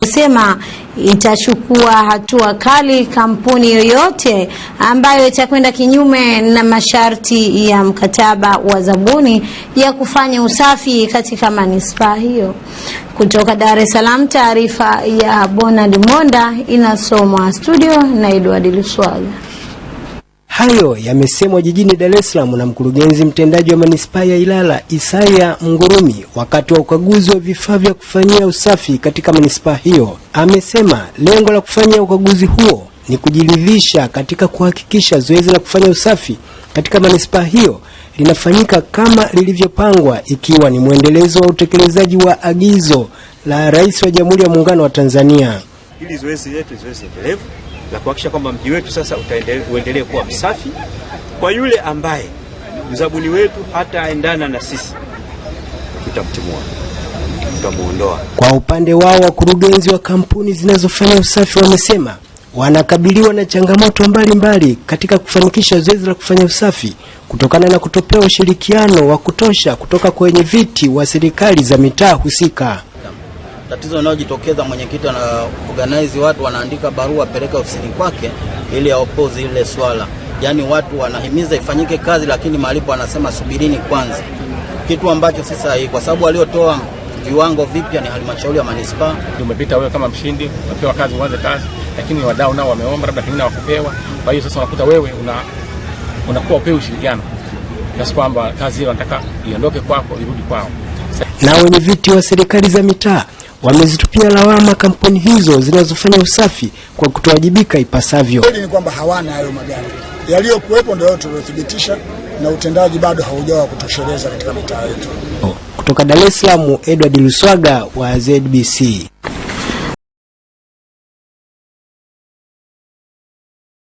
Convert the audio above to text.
kusema itachukua hatua kali kampuni yoyote ambayo itakwenda kinyume na masharti ya mkataba wa zabuni ya kufanya usafi katika manispaa hiyo. Kutoka Dar es Salaam, taarifa ya Bonard Monda inasomwa studio na Edward Luswaga. Hayo yamesemwa jijini Dar es Salaam na mkurugenzi mtendaji wa manispaa ya Ilala Isaya Ngurumi wakati wa ukaguzi wa vifaa vya kufanyia usafi katika manispaa hiyo. Amesema lengo la kufanya ukaguzi huo ni kujiridhisha katika kuhakikisha zoezi la kufanya usafi katika manispaa hiyo linafanyika kama lilivyopangwa, ikiwa ni mwendelezo wa utekelezaji wa agizo la Rais wa Jamhuri ya Muungano wa Tanzania. Hili zoezi letu zoezi endelevu na kuhakikisha kwamba mji wetu sasa uendelee kuwa msafi. Kwa yule ambaye mzabuni wetu hataendana na sisi, tutamtimua, tutamuondoa. Kwa upande wao, wakurugenzi wa kampuni zinazofanya usafi wamesema wanakabiliwa na changamoto mbalimbali mbali katika kufanikisha zoezi la kufanya usafi kutokana na kutopewa ushirikiano wa kutosha kutoka kwenye viti wa serikali za mitaa husika tatizo linalojitokeza mwenyekiti ana organize watu wanaandika barua peleka ofisini kwake ili aopozi ile swala. Yaani watu wanahimiza ifanyike kazi, lakini malipo anasema subirini kwanza, kitu ambacho si sahihi, kwa sababu waliotoa viwango vipya ni halmashauri ya manispaa. Umepita wewe kama mshindi, unapewa kazi, uanze kazi, lakini wadau nao wameomba, labda pengine hawakupewa. Kwa hiyo sasa unakuta wewe una unakuwa upewi ushirikiano kiasi kwamba kazi hiyo nataka iondoke kwako irudi kwao. Na wenye viti wa serikali za mitaa wamezitupia lawama kampuni hizo zinazofanya usafi kwa kutowajibika ipasavyo. Kweli ni kwamba hawana hayo magari yaliyokuwepo, ndio tuliothibitisha na utendaji bado haujawa kutosheleza katika mitaa yetu. Oh, kutoka Dar es Salaam, Edward Luswaga wa ZBC.